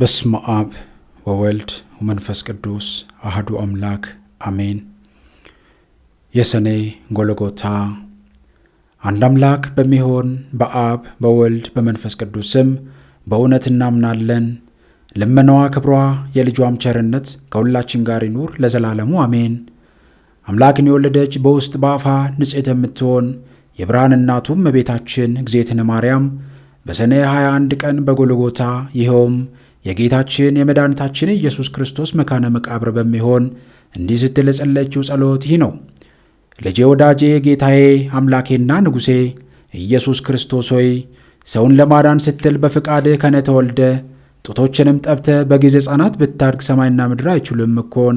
በስመ አብ ወወልድ ወመንፈስ ቅዱስ አህዱ አምላክ አሜን። የሰኔ ጎልጎታ። አንድ አምላክ በሚሆን በአብ በወልድ በመንፈስ ቅዱስ ስም በእውነት እናምናለን። ልመናዋ ክብሯ፣ የልጇም ቸርነት ከሁላችን ጋር ይኑር ለዘላለሙ አሜን። አምላክን የወለደች በውስጥ በአፋ ንጽሕት የምትሆን የብርሃን እናቱም እመቤታችን እግዝእትነ ማርያም በሰኔ 21 ቀን በጎልጎታ ይኸውም የጌታችን የመድኃኒታችን ኢየሱስ ክርስቶስ መካነ መቃብር በሚሆን እንዲህ ስትል የጸለችው ጸሎት ይህ ነው። ልጄ ወዳጄ፣ ጌታዬ፣ አምላኬና ንጉሴ ኢየሱስ ክርስቶስ ሆይ ሰውን ለማዳን ስትል በፍቃድህ ከነ ተወልደ ጡቶችንም ጠብተ በጊዜ ሕፃናት ብታድግ ሰማይና ምድር አይችሉም እኮን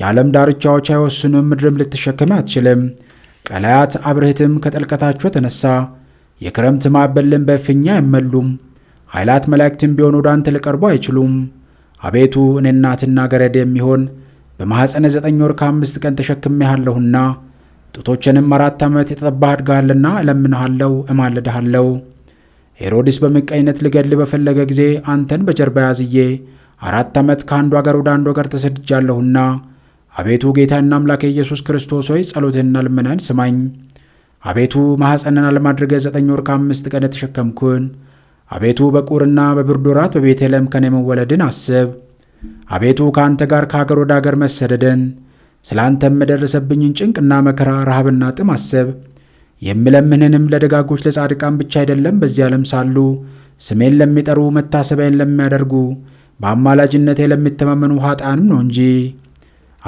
የዓለም ዳርቻዎች አይወስኑም፣ ምድርም ልትሸክም አትችልም። ቀላያት አብርህትም ከጥልቀታቸው ተነሳ የክረምት ማዕበልም በፍኛ አይመሉም። ኃይላት መላእክትም ቢሆን ወደ አንተ ሊቀርቡ አይችሉም። አቤቱ እኔ እናትና ገረድ የሚሆን በማኅፀነ ዘጠኝ ወር ከአምስት ቀን ተሸክሜሃለሁና ጡቶችንም አራት ዓመት የተጠባህ አድጋሃልና እለምንሃለሁ፣ እማልድሃለሁ። ሄሮድስ በምቀኝነት ልገድል በፈለገ ጊዜ አንተን በጀርባ ያዝዬ አራት ዓመት ከአንዱ አገር ወደ አንዱ አገር ተሰድጃለሁና አቤቱ ጌታና አምላክ ኢየሱስ ክርስቶስ ሆይ ጸሎትንና ልመናን ስማኝ። አቤቱ ማኅፀንን አለማድረገ ዘጠኝ ወር ከአምስት ቀን የተሸከምኩን አቤቱ በቁርና በብርድ ወራት በቤተልሔም ከኔ መወለድን አስብ። አቤቱ ከአንተ ጋር ከአገር ወደ አገር መሰደደን ስለ አንተም የደረሰብኝን ጭንቅና መከራ ረሃብና ጥም አስብ። የምለምንህንም ለደጋጎች ለጻድቃን ብቻ አይደለም በዚህ ዓለም ሳሉ ስሜን ለሚጠሩ መታሰቢያን ለሚያደርጉ በአማላጅነቴ ለሚተማመኑ ኃጣንም ነው እንጂ።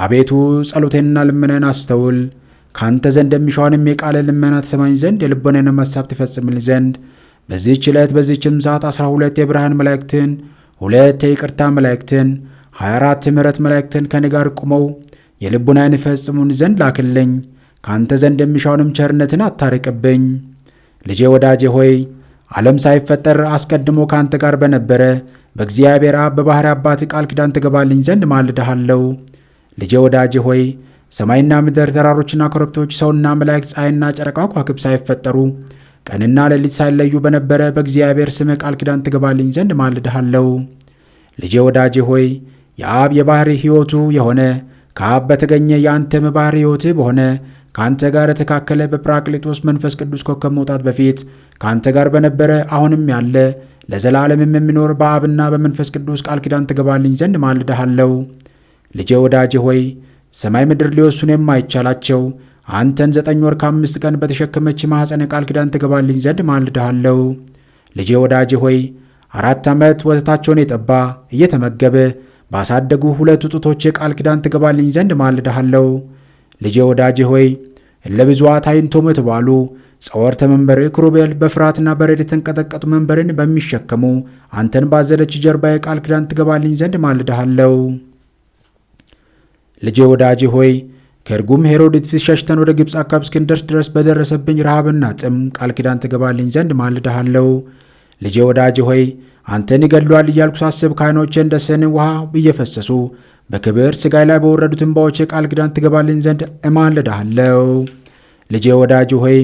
አቤቱ ጸሎቴንና ልመናን አስተውል። ከአንተ ዘንድ የሚሻዋንም የቃለ ልመና ተሰማኝ ዘንድ የልቦናንም ሐሳብ ትፈጽምልኝ ዘንድ በዚህች ዕለት በዚችም ሰዓት 12 የብርሃን መላእክትን፣ ሁለት የይቅርታ መላእክትን፣ 24 የምሕረት መላእክትን ከኔ ጋር ቁመው የልቡናዬን ፈጽሙን ዘንድ ላክልኝ፣ ካንተ ዘንድ የሚሻውንም ቸርነትን አታርቅብኝ። ልጄ ወዳጄ ሆይ ዓለም ሳይፈጠር አስቀድሞ ከአንተ ጋር በነበረ በእግዚአብሔር አብ በባሕርይ አባት ቃል ኪዳን ትገባልኝ ዘንድ ማልድሃለሁ። ልጄ ወዳጄ ሆይ ሰማይና ምድር፣ ተራሮችና ኮረብቶች፣ ሰውና መላእክት፣ ፀሐይና ጨረቃ፣ ኳክብ ሳይፈጠሩ ቀንና ሌሊት ሳይለዩ በነበረ በእግዚአብሔር ስም ቃል ኪዳን ትገባልኝ ዘንድ ማልድሃለሁ። ልጄ ወዳጄ ሆይ የአብ የባሕሪ ሕይወቱ የሆነ ከአብ በተገኘ የአንተም ባሕሪ ሕይወትህ በሆነ ከአንተ ጋር የተካከለ በጰራቅሊጦስ መንፈስ ቅዱስ ኮከብ መውጣት በፊት ከአንተ ጋር በነበረ አሁንም ያለ ለዘላለምም የሚኖር በአብና በመንፈስ ቅዱስ ቃል ኪዳን ትገባልኝ ዘንድ ማልድሃለሁ። ልጄ ወዳጄ ሆይ ሰማይ ምድር ሊወሱን የማይቻላቸው አንተን ዘጠኝ ወር ከአምስት ቀን በተሸከመች ማኅፀን የቃል ኪዳን ትገባልኝ ዘንድ ማልድሃለሁ። ልጄ ወዳጄ ሆይ አራት ዓመት ወተታቸውን የጠባ እየተመገበ ባሳደጉ ሁለቱ ጡቶች የቃል ኪዳን ትገባልኝ ዘንድ ማልድሃለሁ። ልጄ ወዳጄ ሆይ ለብዙ ታይንቶም የተባሉ ጸወርተ መንበር ክሩቤል በፍርሃትና በረድ የተንቀጠቀጡ መንበርን በሚሸከሙ አንተን ባዘለች ጀርባ የቃል ኪዳን ትገባልኝ ዘንድ ማልድሃለሁ። ልጄ ወዳጄ ሆይ ከእርጉም ሄሮድት ፊት ሸሽተን ወደ ግብፅ አካብ እስክንደርስ ድረስ በደረሰብኝ ረሃብና ጥም ቃል ኪዳን ትገባልኝ ዘንድ ማልድሃለው። ልጄ ወዳጅ ሆይ አንተን ይገድሏል እያልኩ ሳስብ ካይኖቼ እንደ ሰኔ ውሃ እየፈሰሱ በክብር ስጋይ ላይ በወረዱት ትንባዎች ቃል ኪዳን ትገባልኝ ዘንድ እማልድሃለው። ልጄ ወዳጅ ሆይ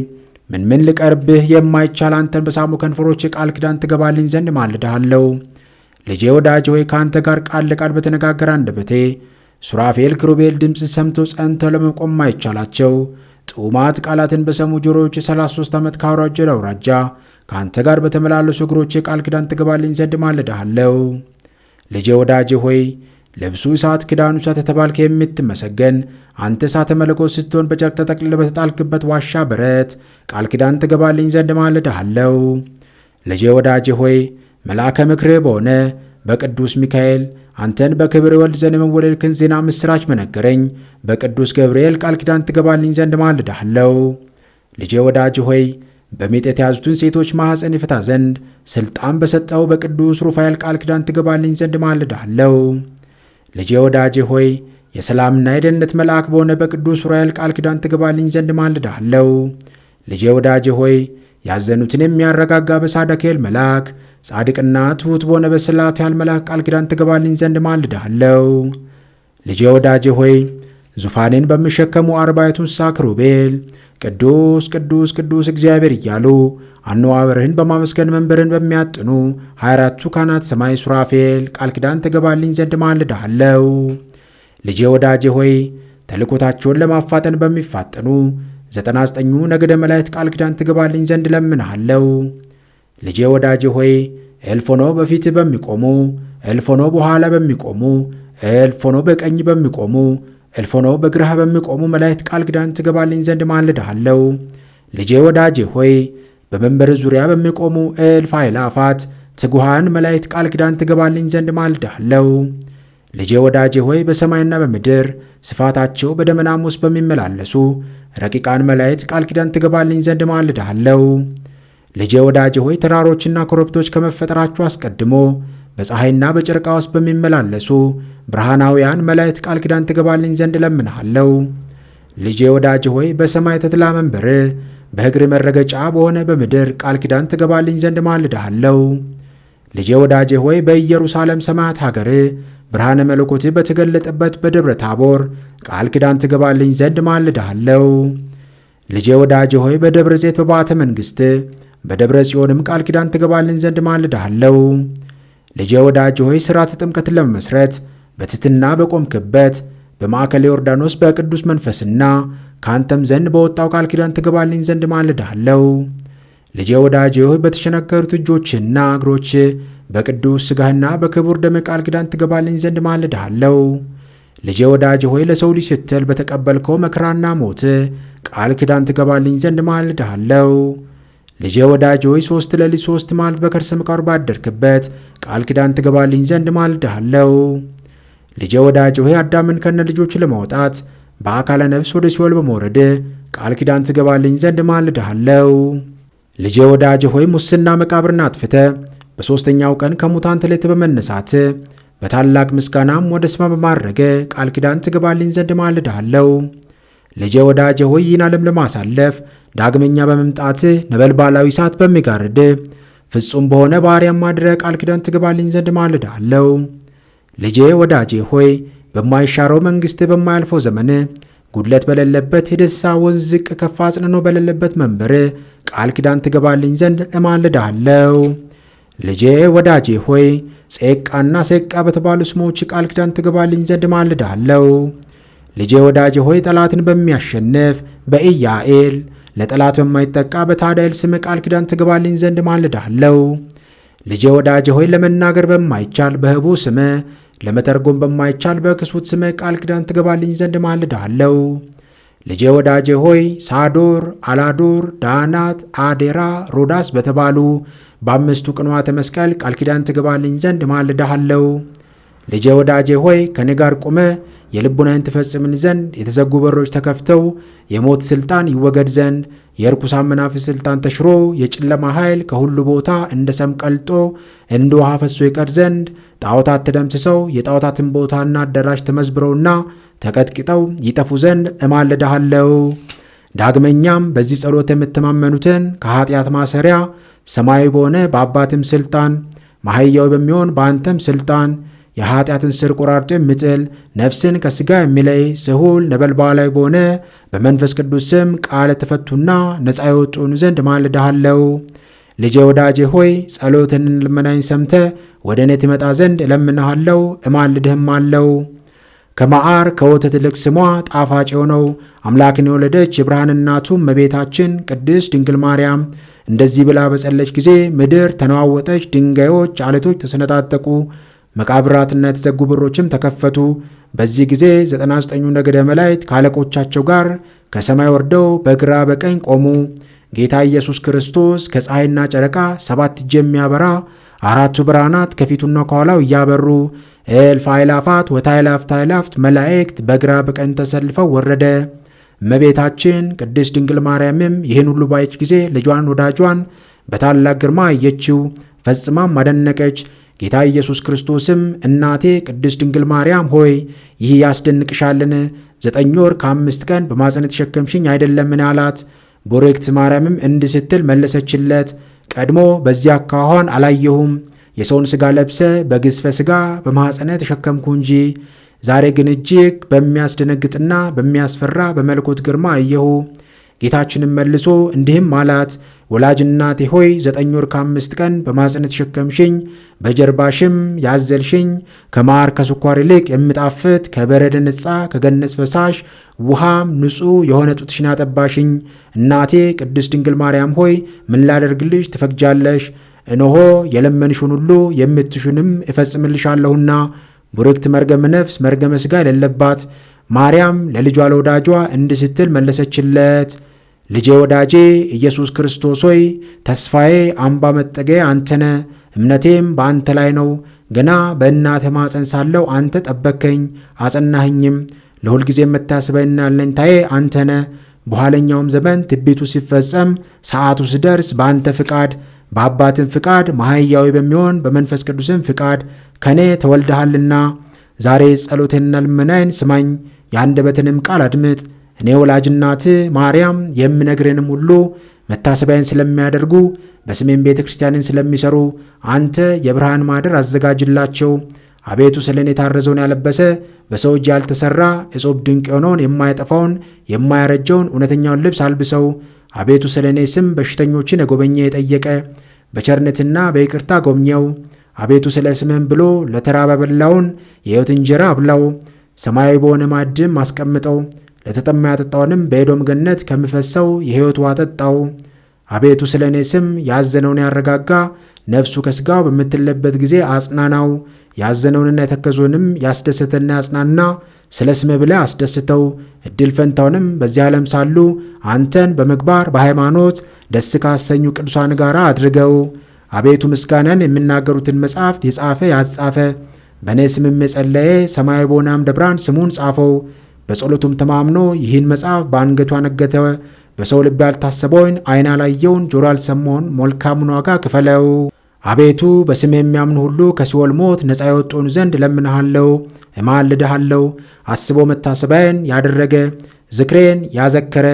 ምን ምን ልቀርብህ የማይቻል አንተን በሳሙ ከንፈሮች ቃል ኪዳን ትገባልኝ ዘንድ ማልድሃለው። ልጄ ወዳጅ ሆይ ከአንተ ጋር ቃል ለቃል በተነጋገረ አንደበቴ ሱራፌል ክሩቤል ድምፅ ሰምተው ጸንተው ለመቆም ማይቻላቸው ጥዑማት ቃላትን በሰሙ ጆሮዎች የ33 ዓመት ከአውራጃ ወደ አውራጃ ከአንተ ጋር በተመላለሱ እግሮች የቃል ኪዳን ትገባልኝ ዘንድ ማልድሃለሁ። ልጄ ወዳጄ ሆይ ልብሱ እሳት ክዳኑ እሳት የተባልከ የምትመሰገን አንተ እሳተ መለኮት ስትሆን በጨርቅ ተጠቅልለ በተጣልክበት ዋሻ በረት ቃል ኪዳን ትገባልኝ ዘንድ ማልድሃለሁ። ልጄ ወዳጄ ሆይ መልአከ ምክርህ በሆነ በቅዱስ ሚካኤል አንተን በክብር ወልድ ዘንድ የመወለድክን ዜና ምስራች መነገረኝ በቅዱስ ገብርኤል ቃል ኪዳን ትገባልኝ ዘንድ ማልድሃለው። ልጄ ወዳጅ ሆይ በምጥ የተያዙትን ሴቶች ማኅፀን ይፈታ ዘንድ ሥልጣን በሰጠው በቅዱስ ሩፋኤል ቃል ኪዳን ትገባልኝ ዘንድ ማልድሃለው። ልጄ ወዳጅ ሆይ የሰላምና የደህንነት መልአክ በሆነ በቅዱስ ሩፋኤል ቃል ኪዳን ትገባልኝ ዘንድ ማልድሃለው። ልጄ ወዳጅ ሆይ ያዘኑትን የሚያረጋጋ በሳዳኬል መልአክ ጻድቅና ትሑት በሆነ በስላት ያል መልአክ ቃል ኪዳን ትገባልኝ ዘንድ ማልዳለው። ልጄ ወዳጄ ሆይ ዙፋኔን በሚሸከሙ አርባዕቱ እንስሳ ክሩቤል ቅዱስ ቅዱስ ቅዱስ እግዚአብሔር እያሉ አነዋበርህን በማመስገን መንበርን በሚያጥኑ ሃያ አራቱ ካህናት ሰማይ ሱራፌል ቃል ኪዳን ትገባልኝ ዘንድ ማልድሃለው። ልጄ ወዳጄ ሆይ ተልኮታቸውን ለማፋጠን በሚፋጠኑ ዘጠና ዘጠኙ ነገደ መላእክት ቃል ኪዳን ትገባልኝ ዘንድ ለምንሃለው። ልጄ ወዳጅ ሆይ ኤልፎኖ በፊት በሚቆሙ ኤልፎኖ በኋላ በሚቆሙ እልፍ በቀኝ በሚቆሙ ኤልፎኖ ሆኖ በግራህ በሚቆሙ መላእክት ቃል ኪዳን ትገባልኝ ዘንድ ማልድሃለሁ። ልጄ ወዳጄ ሆይ በመንበር ዙሪያ በሚቆሙ እልፍ አእላፋት ትጉሃን መላእክት ቃል ኪዳን ትገባልኝ ዘንድ ማልድሃለሁ። ልጄ ወዳጄ ሆይ በሰማይና በምድር ስፋታቸው በደመናም ውስጥ በሚመላለሱ ረቂቃን መላእክት ቃል ኪዳን ትገባልኝ ዘንድ ማልድሃለሁ። ልጄ ወዳጅ ሆይ ተራሮችና ኮረብቶች ከመፈጠራቸው አስቀድሞ በፀሐይና በጨረቃ ውስጥ በሚመላለሱ ብርሃናውያን መላእክት ቃል ኪዳን ትገባልኝ ዘንድ እለምንሃለሁ። ልጄ ወዳጅ ሆይ በሰማይ ተትላ መንበር በእግር መረገጫ በሆነ በምድር ቃል ኪዳን ትገባልኝ ዘንድ ማልድሃለሁ። ልጄ ወዳጅ ሆይ በኢየሩሳሌም ሰማያት ሀገር ብርሃነ መለኮት በተገለጠበት በደብረ ታቦር ቃል ኪዳን ትገባልኝ ዘንድ ማልድሃለሁ። ልጄ ወዳጅ ሆይ በደብረ ዘይት በባተ መንግሥት በደብረ ጽዮንም ቃል ኪዳን ትገባልን ዘንድ ማልድሃለሁ። ልጄ ወዳጅ ሆይ ሥርዓተ ጥምቀትን ለመመስረት በትሕትና በቆምክበት በማዕከል ዮርዳኖስ በቅዱስ መንፈስና ከአንተም ዘንድ በወጣው ቃል ኪዳን ትገባልኝ ዘንድ ማልድሃለሁ። ልጄ ወዳጅ ሆይ በተሸነከሩት እጆችና እግሮች በቅዱስ ሥጋህና በክቡር ደም ቃል ኪዳን ትገባልኝ ዘንድ ማልድሃለሁ። ልጄ ወዳጅ ሆይ ለሰው ልጅ ስትል በተቀበልከው መከራና ሞት ቃል ኪዳን ትገባልኝ ዘንድ ማልድሃለሁ። ልጄ ወዳጅ ሆይ ሶስት ሌሊት ሶስት መዓልት በከርሰ ምቃብር ባደርክበት ቃል ኪዳን ትገባልኝ ዘንድ ማልድሃለው። ልጄ ወዳጅ ሆይ አዳምን ከነ ልጆች ለማውጣት በአካለ ነፍስ ወደ ሲኦል በመውረድ ቃል ኪዳን ትገባልኝ ዘንድ ማልድሃለው። ልጄ ወዳጅ ሆይ ሙስና መቃብርን አጥፍተ በሦስተኛው ቀን ከሙታን ተለይተ በመነሳት በታላቅ ምስጋናም ወደ ስማ በማድረገ ቃል ኪዳን ትገባልኝ ዘንድ ማልድሃለው። ልጄ ወዳጄ ሆይ ይህን ዓለም ለማሳለፍ ዳግመኛ በመምጣት ነበልባላዊ እሳት በሚጋርድ ፍጹም በሆነ ባሪያም ማድረግ ቃል ኪዳን ትገባልኝ ዘንድ ማልድሃለሁ። ልጄ ወዳጄ ሆይ በማይሻረው መንግሥት በማያልፈው ዘመን ጉድለት በሌለበት የደስታ ወንዝ ዝቅ ከፍ አጽንኖ በሌለበት መንበር ቃል ኪዳን ትገባልኝ ዘንድ እማልድሃለሁ። ልጄ ወዳጄ ሆይ ጼቃና ሴቃ በተባሉ ስሞች ቃል ኪዳን ትገባልኝ ዘንድ እማልድሃለሁ። ልጄ ወዳጅ ሆይ ጠላትን በሚያሸንፍ በኢያኤል ለጠላት በማይጠቃ በታዳኤል ስም ቃል ኪዳን ትግባልኝ ዘንድ ማልዳለው። ልጄ ወዳጅ ሆይ ለመናገር በማይቻል በህቡ ስመ ለመተርጎም በማይቻል በክሱት ስመ ቃል ኪዳን ትግባልኝ ዘንድ ማልዳለው። ልጄ ወዳጄ ሆይ ሳዶር፣ አላዶር፣ ዳናት፣ አዴራ፣ ሮዳስ በተባሉ በአምስቱ ቅንዋተ መስቀል ቃል ኪዳን ትግባልኝ ዘንድ ማልዳሃለው። ልጄ ወዳጄ ሆይ ከኔ ጋር ቁመ የልቡናዬን ትፈጽምን ዘንድ የተዘጉ በሮች ተከፍተው የሞት ሥልጣን ይወገድ ዘንድ የርኩሳን መናፍስት ሥልጣን ተሽሮ የጨለማ ኃይል ከሁሉ ቦታ እንደ ሰም ቀልጦ እንደ ውሃ ፈሶ ይቀር ዘንድ ጣዖታት ተደምስሰው የጣዖታትን ቦታና አዳራሽ ተመዝብረውና ተቀጥቅጠው ይጠፉ ዘንድ እማልድሃለሁ። ዳግመኛም በዚህ ጸሎት የምትማመኑትን ከኃጢአት ማሰሪያ ሰማያዊ በሆነ በአባትም ሥልጣን ማህያዊ በሚሆን በአንተም ሥልጣን የኃጢአትን ስር ቆራርጦ የሚጥል ነፍስን ከሥጋ የሚለይ ስሁል ነበልባላዊ በሆነ በመንፈስ ቅዱስ ስም ቃለ ተፈቱና ነፃ የወጡን ዘንድ ማልድሃለው። ልጄ ወዳጄ ሆይ ጸሎትን ልመናኝ ሰምተ ወደ እኔ ትመጣ ዘንድ እለምንሃለው እማልድህም አለው። ከማዓር ከወተት ይልቅ ስሟ ጣፋጭ የሆነው አምላክን የወለደች የብርሃን እናቱ እመቤታችን ቅድስት ድንግል ማርያም እንደዚህ ብላ በጸለች ጊዜ ምድር ተነዋወጠች፣ ድንጋዮች፣ አለቶች ተሰነጣጠቁ። መቃብራትና የተዘጉ በሮችም ተከፈቱ። በዚህ ጊዜ 99ኙ ነገደ መላእክት ከአለቆቻቸው ጋር ከሰማይ ወርደው በግራ በቀኝ ቆሙ። ጌታ ኢየሱስ ክርስቶስ ከፀሐይና ጨረቃ ሰባት እጅ የሚያበራ አራቱ ብርሃናት ከፊቱና ከኋላው እያበሩ እልፍ አይላፋት ወታይላፍት አይላፍት መላእክት በግራ በቀኝ ተሰልፈው ወረደ። እመቤታችን ቅድስት ድንግል ማርያምም ይህን ሁሉ ባየች ጊዜ ልጇን ወዳጇን በታላቅ ግርማ አየችው፣ ፈጽማም አደነቀች። ጌታ ኢየሱስ ክርስቶስም እናቴ ቅድስት ድንግል ማርያም ሆይ ይህ ያስደንቅሻልን? ዘጠኝ ወር ከአምስት ቀን በማፀን የተሸከምሽኝ አይደለምን? አላት። ቦሬክት ማርያምም እንድ ስትል መለሰችለት፣ ቀድሞ በዚያ አካኋን አላየሁም። የሰውን ሥጋ ለብሰ በግዝፈ ሥጋ በማፀነ ተሸከምኩ እንጂ ዛሬ ግን እጅግ በሚያስደነግጥና በሚያስፈራ በመለኮት ግርማ አየሁ። ጌታችንም መልሶ እንዲህም አላት፣ ወላጅ እናቴ ሆይ ዘጠኝ ወር ከአምስት ቀን በማኅፀን ተሸከምሽኝ፣ በጀርባሽም ያዘልሽኝ ከማር ከስኳር ይልቅ የምጣፍት ከበረድ ንጻ ከገነት ፈሳሽ ውሃም ንጹሕ የሆነ ጡትሽን አጠባሽኝ። እናቴ ቅድስት ድንግል ማርያም ሆይ ምን ላደርግልሽ ትፈቅጃለሽ? እነሆ የለመንሽን ሁሉ የምትሹንም እፈጽምልሻለሁና። ቡርክት መርገመ ነፍስ መርገመ ሥጋ የሌለባት ማርያም ለልጇ ለወዳጇ እንዲህ ስትል መለሰችለት። ልጄ ወዳጄ ኢየሱስ ክርስቶስ ሆይ ተስፋዬ፣ አምባ መጠገያ አንተነ፣ እምነቴም በአንተ ላይ ነው። ገና በእናተ ማፀን ሳለው አንተ ጠበከኝ አጸናህኝም ለሁልጊዜ የምታስበኝና አለኝታዬ አንተነ። በኋለኛውም ዘመን ትቢቱ ሲፈጸም ሰዓቱ ሲደርስ በአንተ ፍቃድ በአባትም ፍቃድ ማህያዊ በሚሆን በመንፈስ ቅዱስም ፍቃድ ከእኔ ተወልደሃልና ዛሬ ጸሎቴንና ልመናዬን ስማኝ፣ የአንደበትንም ቃል አድምጥ። እኔ ወላጅ ማርያም የምነግረንም ሁሉ መታሰቢያን ስለሚያደርጉ በስሜም ቤተ ክርስቲያንን ስለሚሰሩ አንተ የብርሃን ማደር አዘጋጅላቸው። አቤቱ ስለ እኔ የታረዘውን ያለበሰ በሰው እጅ ያልተሠራ እጹብ ድንቅ የሆነውን የማያጠፋውን የማያረጀውን እውነተኛውን ልብስ አልብሰው። አቤቱ ስለ እኔ ስም በሽተኞችን የጎበኘ የጠየቀ በቸርነትና በይቅርታ ጎብኘው። አቤቱ ስለ ስምህም ብሎ ለተራበ ያበላውን የሕይወት እንጀራ አብላው። ሰማያዊ በሆነ ማዕድም አስቀምጠው። ለተጠማ ያጠጣውንም በኤዶም ገነት ከምፈሰው የሕይወት ውሃ አጠጣው። አቤቱ ስለ እኔ ስም ያዘነውን ያረጋጋ ነፍሱ ከሥጋው በምትለበት ጊዜ አጽናናው። ያዘነውንና የተከዞንም ያስደሰተና ያጽናና ስለ ስምህ ብለ አስደስተው። እድል ፈንታውንም በዚህ ዓለም ሳሉ አንተን በምግባር በሃይማኖት ደስ ካሰኙ ቅዱሳን ጋር አድርገው። አቤቱ ምስጋናን የሚናገሩትን መጻሕፍት የጻፈ ያጻፈ በእኔ ስምም የጸለየ ሰማያዊ በሆነ አምደ ብርሃን ስሙን ጻፈው። በጸሎቱም ተማምኖ ይህን መጽሐፍ በአንገቷ ነገተ በሰው ልብ ያልታሰበውን ዓይን ላየውን ጆሮ አልሰማውን መልካሙን ዋጋ ክፈለው። አቤቱ በስም የሚያምኑ ሁሉ ከሲኦል ሞት ነፃ የወጡን ዘንድ እለምንሃለሁ፣ እማልድሃለሁ። አስቦ መታሰቢያን ያደረገ ዝክሬን ያዘከረ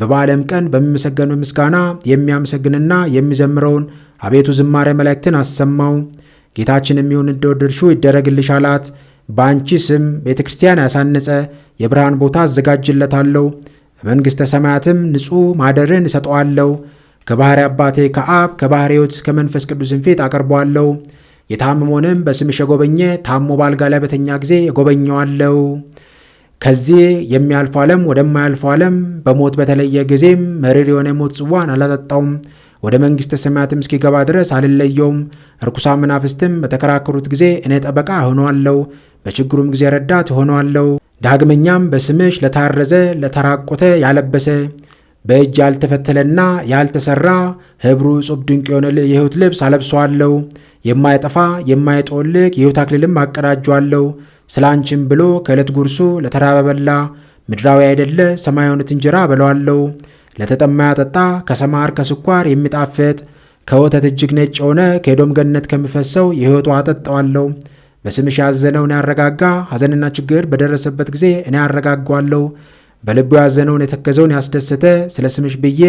በበዓለም ቀን በሚመሰገን በምስጋና የሚያመሰግንና የሚዘምረውን አቤቱ ዝማሬ መላእክትን አሰማው። ጌታችን የሚሆን እንደወደድሹ ይደረግልሽ አላት። በአንቺ ስም ቤተ ክርስቲያን ያሳነጸ የብርሃን ቦታ አዘጋጅለታለሁ፣ በመንግሥተ ሰማያትም ንጹሕ ማደርን እሰጠዋለሁ። ከባሕሪ አባቴ ከአብ ከባሕሪ ሕይወት ከመንፈስ ቅዱስን ፊት አቀርበዋለሁ። የታመመውንም በስምሽ የጎበኘ ታሞ ባልጋ ላይ በተኛ ጊዜ የጎበኘዋለሁ። ከዚህ የሚያልፈው ዓለም ወደማያልፈው ዓለም በሞት በተለየ ጊዜም መሪር የሆነ ሞት ጽዋን አላጠጣውም። ወደ መንግሥተ ሰማያትም እስኪገባ ድረስ አልለየውም። ርኩሳን መናፍስትም በተከራከሩት ጊዜ እኔ ጠበቃ ሆነዋለሁ፣ በችግሩም ጊዜ ረዳት ሆነዋለሁ። ዳግመኛም በስምሽ ለታረዘ ለተራቆተ ያለበሰ በእጅ ያልተፈተለና ያልተሰራ ህብሩ ጹብ ድንቅ የሆነ የሕይወት ልብስ አለብሰዋለሁ። የማይጠፋ የማይጦልቅ የሕይወት አክሊልም አቀዳጇለሁ። ስለ አንቺም ብሎ ከዕለት ጉርሱ ለተራበበላ ምድራዊ አይደለ ሰማያዊነት እንጀራ በለዋለሁ። ለተጠማ ያጠጣ ከሰማር ከስኳር የሚጣፍጥ ከወተት እጅግ ነጭ የሆነ ከኤዶም ገነት ከሚፈሰው የሕይወቱ አጠጣዋለሁ። በስምሽ ያዘነውን ያረጋጋ፣ ሐዘንና ችግር በደረሰበት ጊዜ እኔ ያረጋጓለሁ። በልቡ ያዘነውን የተከዘውን ያስደሰተ፣ ስለ ስምሽ ብዬ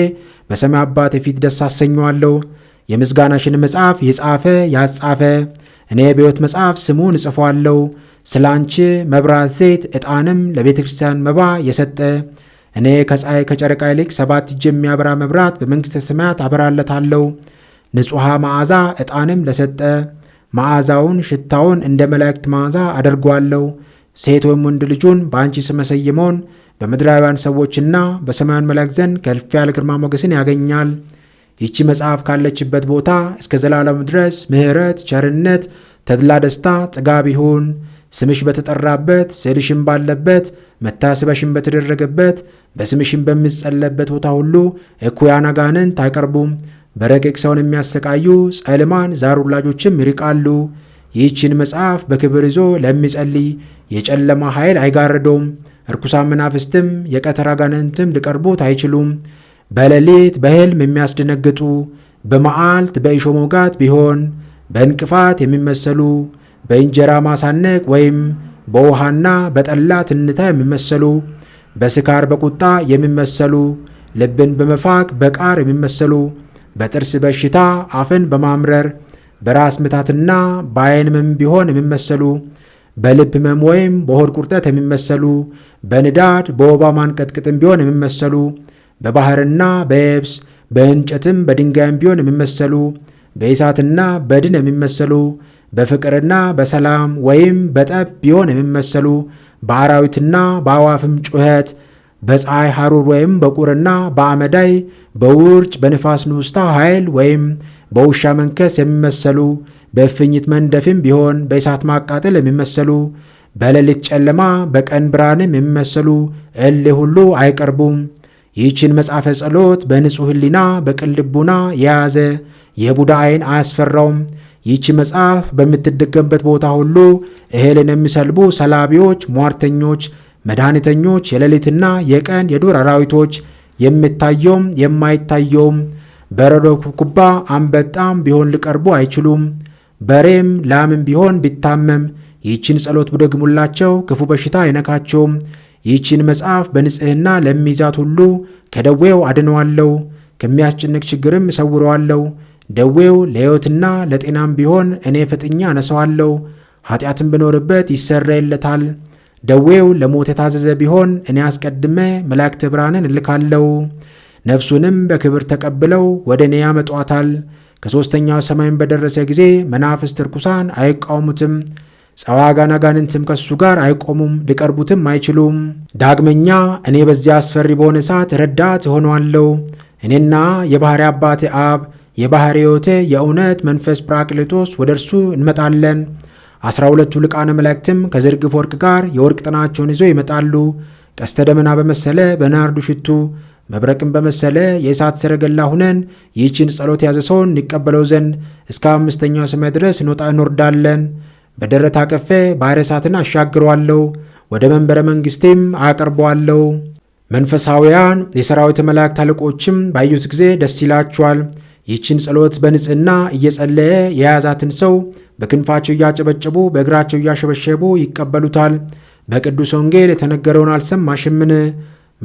በሰማይ አባት ፊት ደስ አሰኘዋለሁ። የምስጋናሽን መጽሐፍ የጻፈ ያጻፈ እኔ በሕይወት መጽሐፍ ስሙን እጽፏለሁ። ስለ አንቺ መብራት ዘይት ዕጣንም ለቤተ ክርስቲያን መባ የሰጠ እኔ ከፀሐይ ከጨረቃ ይልቅ ሰባት እጅ የሚያበራ መብራት በመንግሥተ ሰማያት አበራለታለሁ። ንጹሐ መዓዛ ዕጣንም ለሰጠ መዓዛውን ሽታውን እንደ መላእክት መዓዛ አደርጓለሁ። ሴት ወይም ወንድ ልጁን በአንቺ ስም በምድራዊያን በምድራውያን ሰዎችና በሰማያውያን መላእክት ዘንድ ከልፍ ያለ ግርማ ሞገስን ያገኛል። ይቺ መጽሐፍ ካለችበት ቦታ እስከ ዘላለም ድረስ ምሕረት፣ ቸርነት፣ ተድላ፣ ደስታ፣ ጥጋብ ይሁን ስምሽ በተጠራበት ስዕልሽም ባለበት መታሰቢያሽም በተደረገበት በስምሽም በምጸለበት ቦታ ሁሉ እኩያን አጋንንት አይቀርቡም። በረቂቅ ሰውን የሚያሰቃዩ ጸልማን ዛሩላጆችም ይርቃሉ። ይህችን መጽሐፍ በክብር ይዞ ለሚጸልይ የጨለማ ኃይል አይጋርደውም። እርኩሳን መናፍስትም የቀተራ አጋንንትም ሊቀርቡት አይችሉም። በሌሊት በሕልም የሚያስደነግጡ በመዓልት በእሾህ ሞጋት ቢሆን በእንቅፋት የሚመሰሉ በእንጀራ ማሳነቅ ወይም በውሃና በጠላ ትንታ የሚመሰሉ በስካር በቁጣ የሚመሰሉ ልብን በመፋቅ በቃር የሚመሰሉ በጥርስ በሽታ አፍን በማምረር በራስ ምታትና በአይንምም ቢሆን የሚመሰሉ በልብ ህመም ወይም በሆድ ቁርጠት የሚመሰሉ በንዳድ በወባ ማንቀጥቅጥም ቢሆን የሚመሰሉ በባህርና በየብስ በእንጨትም በድንጋይም ቢሆን የሚመሰሉ በእሳትና በድን የሚመሰሉ በፍቅርና በሰላም ወይም በጠብ ቢሆን የሚመሰሉ በአራዊትና በአዋፍም ጩኸት፣ በፀሐይ ሐሩር ወይም በቁርና በአመዳይ በውርጭ በንፋስ ንውስታ ኃይል ወይም በውሻ መንከስ የሚመሰሉ በእፍኝት መንደፍም ቢሆን በእሳት ማቃጠል የሚመሰሉ በሌሊት ጨለማ በቀን ብርሃንም የሚመሰሉ እሌ ሁሉ አይቀርቡም። ይህችን መጽሐፈ ጸሎት በንጹሕ ሕሊና በቅልቡና የያዘ የቡዳ ዓይን አያስፈራውም። ይቺ መጽሐፍ በምትደገምበት ቦታ ሁሉ እህልን የሚሰልቡ ሰላቢዎች፣ ሟርተኞች፣ መድኃኒተኞች፣ የሌሊትና የቀን የዱር አራዊቶች፣ የምታየውም የማይታየውም፣ በረዶ ኩብኩባ አንበጣም ቢሆን ሊቀርቡ አይችሉም። በሬም ላምም ቢሆን ቢታመም ይህችን ጸሎት ብደግሙላቸው ክፉ በሽታ አይነካቸውም። ይህችን መጽሐፍ በንጽሕና ለሚይዛት ሁሉ ከደዌው አድነዋለሁ፣ ከሚያስጨንቅ ችግርም እሰውረዋለሁ። ደዌው ለሕይወትና ለጤናም ቢሆን እኔ ፍጥኛ አነሳዋለሁ። ኀጢአትም ብኖርበት ይሰረይለታል። ደዌው ለሞት የታዘዘ ቢሆን እኔ አስቀድመ መላእክት ብርሃንን እልካለሁ። ነፍሱንም በክብር ተቀብለው ወደ እኔ ያመጧታል። ከሦስተኛው ሰማይም በደረሰ ጊዜ መናፍስት ርኩሳን አይቃወሙትም፣ ጸዋጋን አጋንንትም ከሱ ጋር አይቆሙም፣ ሊቀርቡትም አይችሉም። ዳግመኛ እኔ በዚያ አስፈሪ በሆነ እሳት ረዳት እሆነዋለሁ። እኔና የባሕርይ አባቴ አብ የባሕር ሕይወት የእውነት መንፈስ ጰራቅሊጦስ ወደ እርሱ እንመጣለን። አስራ ሁለቱ ልቃነ መላእክትም ከዝርግፍ ወርቅ ጋር የወርቅ ጥናቸውን ይዘው ይመጣሉ። ቀስተ ደመና በመሰለ በናርዱ ሽቱ መብረቅን በመሰለ የእሳት ሰረገላ ሁነን ይህችን ጸሎት የያዘ ሰውን እንቀበለው ዘንድ እስከ አምስተኛው ሰማይ ድረስ እንወጣ እንወርዳለን። በደረት አቀፌ ባሕረ እሳትን አሻግረዋለሁ፣ ወደ መንበረ መንግሥቴም አቀርበዋለሁ። መንፈሳውያን የሰራዊት መላእክት አለቆችም ባዩት ጊዜ ደስ ይላችኋል። ይህችን ጸሎት በንጽህና እየጸለየ የያዛትን ሰው በክንፋቸው እያጨበጨቡ በእግራቸው እያሸበሸቡ ይቀበሉታል። በቅዱስ ወንጌል የተነገረውን አልሰማሽምን?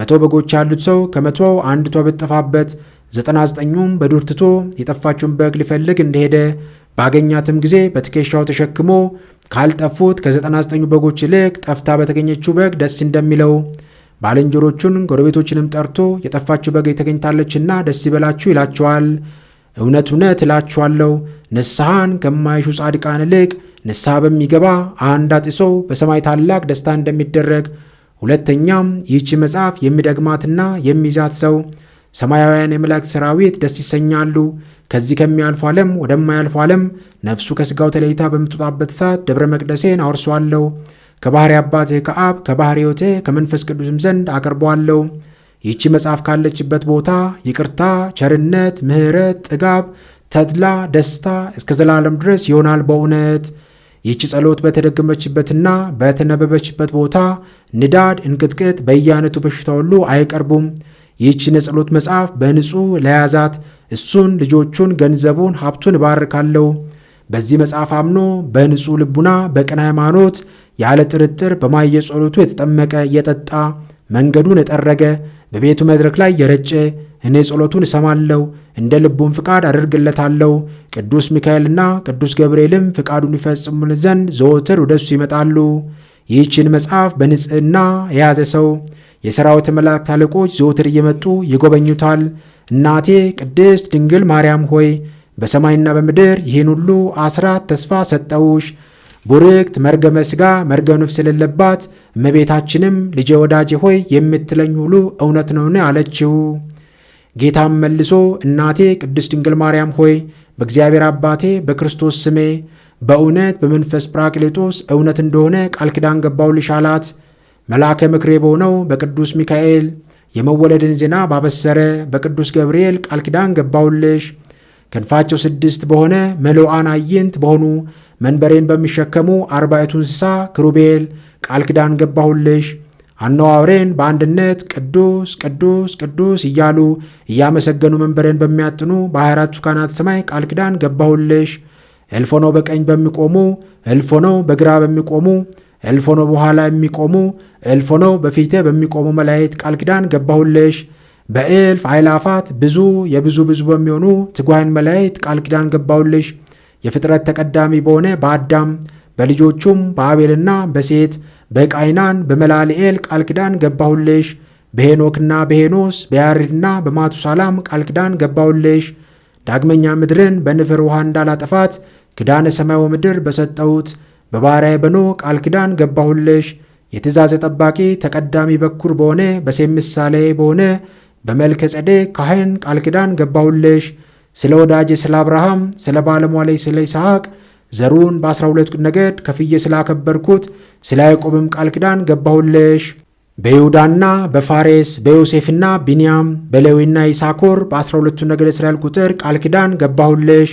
መቶ በጎች ያሉት ሰው ከመቶ አንዲቷ ብትጠፋበት ዘጠና ዘጠኙም በዱር ትቶ የጠፋችውን በግ ሊፈልግ እንደሄደ ባገኛትም ጊዜ በትከሻው ተሸክሞ ካልጠፉት ከዘጠና ዘጠኙ በጎች ይልቅ ጠፍታ በተገኘችው በግ ደስ እንደሚለው ባልንጀሮቹን ጎረቤቶችንም ጠርቶ የጠፋችው በግ ተገኝታለችና ደስ ይበላችሁ ይላቸዋል። እውነት እውነት እላችኋለሁ ንስሐን ከማይሹ ጻድቃን ይልቅ ንስሐ በሚገባ አንድ አጢስ ሰው በሰማይ ታላቅ ደስታ እንደሚደረግ፣ ሁለተኛም ይህች መጽሐፍ የሚደግማትና የሚይዛት ሰው ሰማያውያን የመላእክት ሰራዊት ደስ ይሰኛሉ። ከዚህ ከሚያልፉ ዓለም ወደማያልፉ ዓለም ነፍሱ ከሥጋው ተለይታ በምትወጣበት ሰዓት ደብረ መቅደሴን አወርሷለሁ። ከባሕሪ አባቴ ከአብ ከባሕሪ ሕይወትህ ከመንፈስ ቅዱስም ዘንድ አቀርበዋለሁ። ይቺ መጽሐፍ ካለችበት ቦታ ይቅርታ፣ ቸርነት፣ ምሕረት፣ ጥጋብ፣ ተድላ፣ ደስታ እስከ ዘላለም ድረስ ይሆናል በእውነት። ይቺ ጸሎት በተደገመችበትና በተነበበችበት ቦታ ንዳድ፣ እንቅጥቅጥ፣ በየአይነቱ በሽታ ሁሉ አይቀርቡም። ይህችን የጸሎት መጽሐፍ በንጹሕ ለያዛት እሱን ልጆቹን፣ ገንዘቡን፣ ሀብቱን እባርካለሁ። በዚህ መጽሐፍ አምኖ በንጹሕ ልቡና በቅን ሃይማኖት ያለ ጥርጥር በማየ ጸሎቱ የተጠመቀ የጠጣ መንገዱን የጠረገ በቤቱ መድረክ ላይ የረጨ እኔ ጸሎቱን እሰማለሁ፣ እንደ ልቡም ፍቃድ አደርግለታለሁ። ቅዱስ ሚካኤልና ቅዱስ ገብርኤልም ፍቃዱን ይፈጽሙን ዘንድ ዘወትር ወደ እሱ ይመጣሉ። ይህችን መጽሐፍ በንጽህና የያዘ ሰው የሰራዊት መላእክት አለቆች ዘወትር እየመጡ ይጎበኙታል። እናቴ ቅድስት ድንግል ማርያም ሆይ በሰማይና በምድር ይህን ሁሉ አስራት ተስፋ ሰጠውሽ ቡርክት መርገመ ሥጋ መርገመ ነፍስ የሌለባት እመቤታችንም ልጄ ወዳጄ ሆይ የምትለኝ ሁሉ እውነት ነውን አለችው። ጌታም መልሶ እናቴ ቅድስት ድንግል ማርያም ሆይ በእግዚአብሔር አባቴ በክርስቶስ ስሜ በእውነት በመንፈስ ጰራቅሊጦስ እውነት እንደሆነ ቃል ኪዳን ገባሁልሽ አላት። መልአከ ምክሬ በሆነው በቅዱስ ሚካኤል የመወለድን ዜና ባበሰረ በቅዱስ ገብርኤል ቃል ኪዳን ገባሁልሽ። ክንፋቸው ስድስት በሆነ መልአን አይንት በሆኑ መንበሬን በሚሸከሙ አርባዕቱ እንስሳ ክሩቤል ቃል ኪዳን ገባሁልሽ። አነዋውሬን በአንድነት ቅዱስ ቅዱስ ቅዱስ እያሉ እያመሰገኑ መንበሬን በሚያጥኑ በሃያ አራቱ ካህናተ ሰማይ ቃል ኪዳን ገባሁልሽ። እልፍ ሆነው በቀኝ በሚቆሙ እልፍ ሆነው በግራ በሚቆሙ እልፍ ሆነው በኋላ የሚቆሙ እልፍ ሆነው በፊት በሚቆሙ መላእክት ቃል ኪዳን ገባሁልሽ። በእልፍ አይላፋት ብዙ የብዙ ብዙ በሚሆኑ ትጓይን መላእክት ቃል ኪዳን ገባሁልሽ። የፍጥረት ተቀዳሚ በሆነ በአዳም በልጆቹም በአቤልና በሴት በቃይናን በመላልኤል ቃል ኪዳን ገባሁልሽ፣ በሄኖክና በሄኖስ በያሬድና በማቱሳላም ቃል ኪዳን ገባሁልሽ። ዳግመኛ ምድርን በንፍር ውሃ እንዳላጠፋት ኪዳነ ሰማዩ ምድር በሰጠሁት በባሪያዬ በኖ ቃል ኪዳን ገባሁልሽ። የትእዛዝ ጠባቂ ተቀዳሚ በኩር በሆነ በሴም ምሳሌ በሆነ በመልከ ጸዴ ካህን ቃል ኪዳን ገባሁልሽ። ስለ ወዳጄ ስለ አብርሃም ስለ ባለሟሌ ስለ ይስሐቅ ዘሩን በአስራ ሁለት ነገድ ከፍዬ ስላከበርኩት ስለ ያዕቆብም ቃል ኪዳን ገባሁልሽ። በይሁዳና በፋሬስ በዮሴፍና ቢንያም በሌዊና ይሳኮር በአስራ ሁለቱ ነገድ እስራኤል ቁጥር ቃል ኪዳን ገባሁልሽ።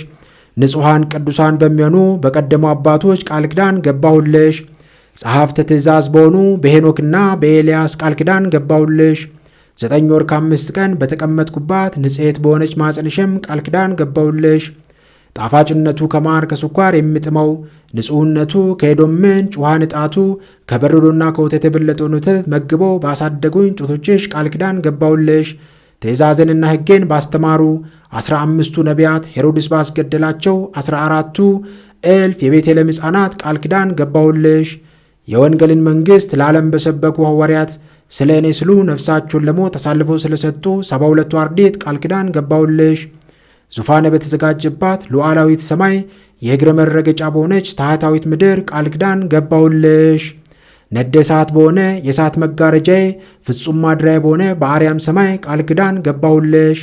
ንጹሐን ቅዱሳን በሚሆኑ በቀደሙ አባቶች ቃል ኪዳን ገባሁልሽ። ጸሐፍተ ትእዛዝ በሆኑ በሄኖክና በኤልያስ ቃል ኪዳን ገባሁልሽ። ዘጠኝ ወር ከአምስት ቀን በተቀመጥኩባት ንጽሔት በሆነች ማጽንሽም ቃል ኪዳን ገባውልሽ። ጣፋጭነቱ ከማር ከስኳር የምጥመው ንጹሕነቱ ከሄዶም ምንጭ ውሃ ንጣቱ ከበረዶና ከወተት የበለጠውን ወተት መግበው ባሳደጉኝ ጡቶችሽ ቃል ኪዳን ገባውልሽ። ትእዛዝንና ሕጌን ባስተማሩ አስራ አምስቱ ነቢያት ሄሮድስ ባስገደላቸው አስራ አራቱ እልፍ የቤተልሔም ሕፃናት ቃል ኪዳን ገባውልሽ። የወንጌልን መንግሥት ለዓለም በሰበኩ ሐዋርያት ስለ እኔ ስሉ ነፍሳችሁን ለሞት አሳልፈው ስለሰጡ ሰባ ሁለቱ አርድእት ቃል ኪዳን ገባውልሽ። ዙፋነ በተዘጋጀባት ሉዓላዊት ሰማይ የእግረ መረገጫ በሆነች ታህታዊት ምድር ቃል ኪዳን ገባውልሽ። ነደ እሳት በሆነ የእሳት መጋረጃዬ ፍጹም ማድራይ በሆነ በአርያም ሰማይ ቃል ኪዳን ገባውልሽ።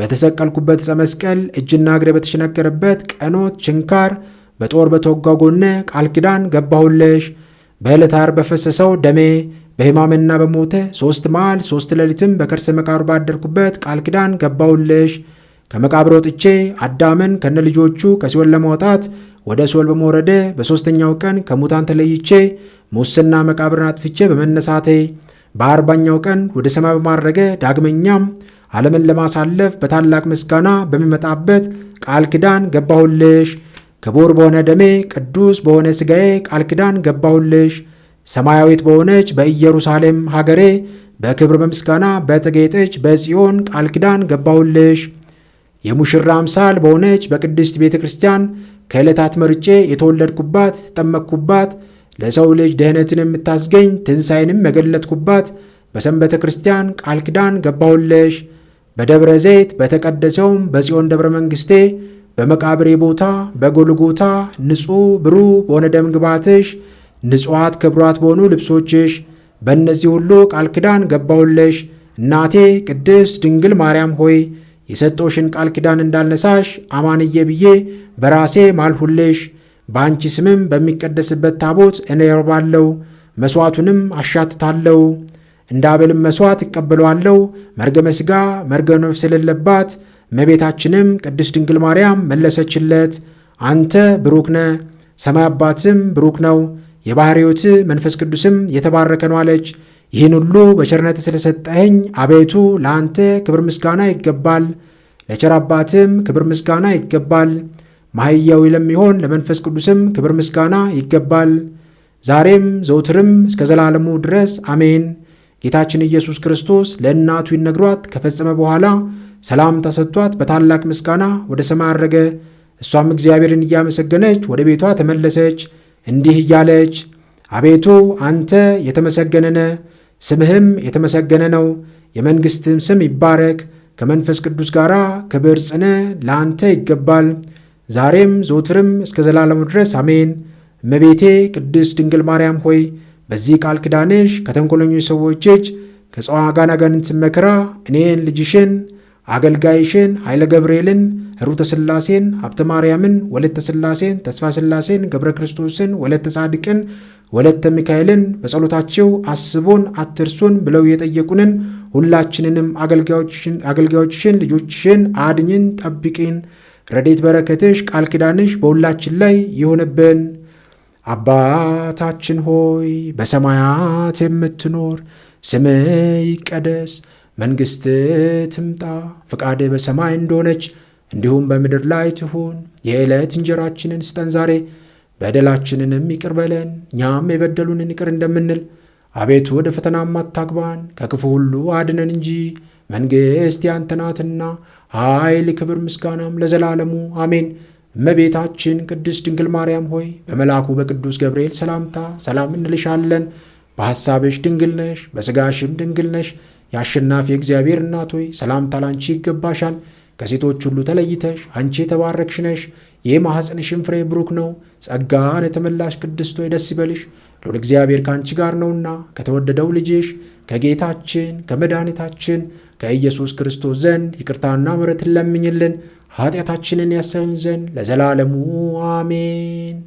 በተሰቀልኩበት ዕፀ መስቀል እጅና እግሬ በተሸነከረበት ቀኖት ችንካር በጦር በተወጋ ጎኔ ቃል ኪዳን ገባሁልሽ። በዕለተ ዓርብ በፈሰሰው ደሜ በሕማምና በሞተ ሦስት መዓል ሦስት ሌሊትም በከርሰ መቃብር ባደርኩበት ቃል ኪዳን ገባውልሽ። ከመቃብር ወጥቼ አዳምን ከነ ልጆቹ ከሲኦል ለማውጣት ወደ ሲኦል በመውረደ በሦስተኛው ቀን ከሙታን ተለይቼ ሙስና መቃብርን አጥፍቼ በመነሳቴ በአርባኛው ቀን ወደ ሰማይ በማረገ ዳግመኛም ዓለምን ለማሳለፍ በታላቅ ምስጋና በሚመጣበት ቃል ኪዳን ገባሁልሽ። ክቡር በሆነ ደሜ ቅዱስ በሆነ ሥጋዬ ቃል ኪዳን ገባሁልሽ። ሰማያዊት በሆነች በኢየሩሳሌም ሀገሬ በክብር በምስጋና በተጌጠች በጽዮን ቃል ኪዳን ገባሁልሽ። የሙሽራ አምሳል በሆነች በቅድስት ቤተ ክርስቲያን ከዕለታት መርጬ የተወለድኩባት ተጠመቅኩባት፣ ለሰው ልጅ ደህነትን የምታስገኝ ትንሣይንም መገለጥኩባት በሰንበተ ክርስቲያን ቃል ኪዳን ገባሁልሽ። በደብረ ዘይት በተቀደሰውም በጽዮን ደብረ መንግሥቴ በመቃብሬ ቦታ በጎልጎታ ንጹሕ ብሩህ በሆነ ደምግባትሽ ንጹሐት ክብሯት በሆኑ ልብሶችሽ በእነዚህ ሁሉ ቃል ኪዳን ገባውለሽ እናቴ ቅድስት ድንግል ማርያም ሆይ የሰጠውሽን ቃል ኪዳን እንዳልነሳሽ አማንዬ ብዬ በራሴ ማልሁልሽ። በአንቺ ስምም በሚቀደስበት ታቦት እኔርባለው፣ መሥዋዕቱንም አሻትታለሁ እንደ አበልም መሥዋዕት እቀበለዋለው። መርገመ ሥጋ መርገመ ነፍስ ስለሌለባት እመቤታችንም ቅድስት ድንግል ማርያም መለሰችለት፣ አንተ ብሩክ ነህ፣ ሰማይ አባትም ብሩክ ነው የባሕርዮት መንፈስ ቅዱስም የተባረከ ነው አለች። ይህን ሁሉ በቸርነት ስለሰጠኸኝ አቤቱ ለአንተ ክብር ምስጋና ይገባል፣ ለቸር አባትም ክብር ምስጋና ይገባል፣ ማህያዊ ለሚሆን ለመንፈስ ቅዱስም ክብር ምስጋና ይገባል፣ ዛሬም ዘውትርም እስከ ዘላለሙ ድረስ አሜን። ጌታችን ኢየሱስ ክርስቶስ ለእናቱ ይነግሯት ከፈጸመ በኋላ ሰላም ተሰጥቷት በታላቅ ምስጋና ወደ ሰማይ አረገ። እሷም እግዚአብሔርን እያመሰገነች ወደ ቤቷ ተመለሰች። እንዲህ እያለች አቤቱ አንተ የተመሰገነነ ስምህም የተመሰገነ ነው፣ የመንግሥትም ስም ይባረክ፣ ከመንፈስ ቅዱስ ጋር ክብር ጽነ ለአንተ ይገባል፣ ዛሬም ዘውትርም እስከ ዘላለሙ ድረስ አሜን። እመቤቴ ቅድስት ድንግል ማርያም ሆይ በዚህ ቃል ክዳንሽ ከተንኮለኞች ሰዎች እጅ ከፀዋ ጋና መከራ እኔን ልጅሽን አገልጋይሽን ኃይለ ገብርኤልን ሩተ ሥላሴን ሀብተ ማርያምን ወለተ ሥላሴን ተስፋ ሥላሴን ገብረ ክርስቶስን ወለተ ጻድቅን ወለተ ሚካኤልን በጸሎታቸው አስቦን አትርሱን ብለው የጠየቁንን ሁላችንንም አገልጋዮችሽን ልጆችሽን አድኝን፣ ጠብቂን። ረዴት በረከትሽ ቃል ኪዳንሽ በሁላችን ላይ የሆነብን አባታችን ሆይ በሰማያት የምትኖር ስምህ ይቀደስ መንግሥት ትምጣ፣ ፍቃድ በሰማይ እንደሆነች እንዲሁም በምድር ላይ ትሁን። የዕለት እንጀራችንን ስጠን ዛሬ፣ በደላችንንም ይቅር በለን እኛም የበደሉንን ይቅር እንደምንል፣ አቤቱ ወደ ፈተናም አታግባን ከክፉ ሁሉ አድነን እንጂ መንግሥት ያንተ ናትና ኃይል፣ ክብር፣ ምስጋናም ለዘላለሙ አሜን። እመቤታችን ቅድስት ድንግል ማርያም ሆይ በመልአኩ በቅዱስ ገብርኤል ሰላምታ ሰላም እንልሻለን። በሐሳብሽ ድንግል ነሽ፣ በሥጋሽም ድንግል ነሽ የአሸናፊ እግዚአብሔር እናት ሆይ ሰላምታ ላንቺ ይገባሻል። ከሴቶች ሁሉ ተለይተሽ አንቺ የተባረክሽ ነሽ፣ የማኅፀንሽም ፍሬ ብሩክ ነው። ጸጋን የተመላሽ ቅድስት ሆይ ደስ ይበልሽ፣ ሎል እግዚአብሔር ከአንቺ ጋር ነውና ከተወደደው ልጅሽ ከጌታችን ከመድኃኒታችን ከኢየሱስ ክርስቶስ ዘንድ ይቅርታና ምሕረትን ለምኝልን ኃጢአታችንን ያሰን ዘንድ ለዘላለሙ አሜን።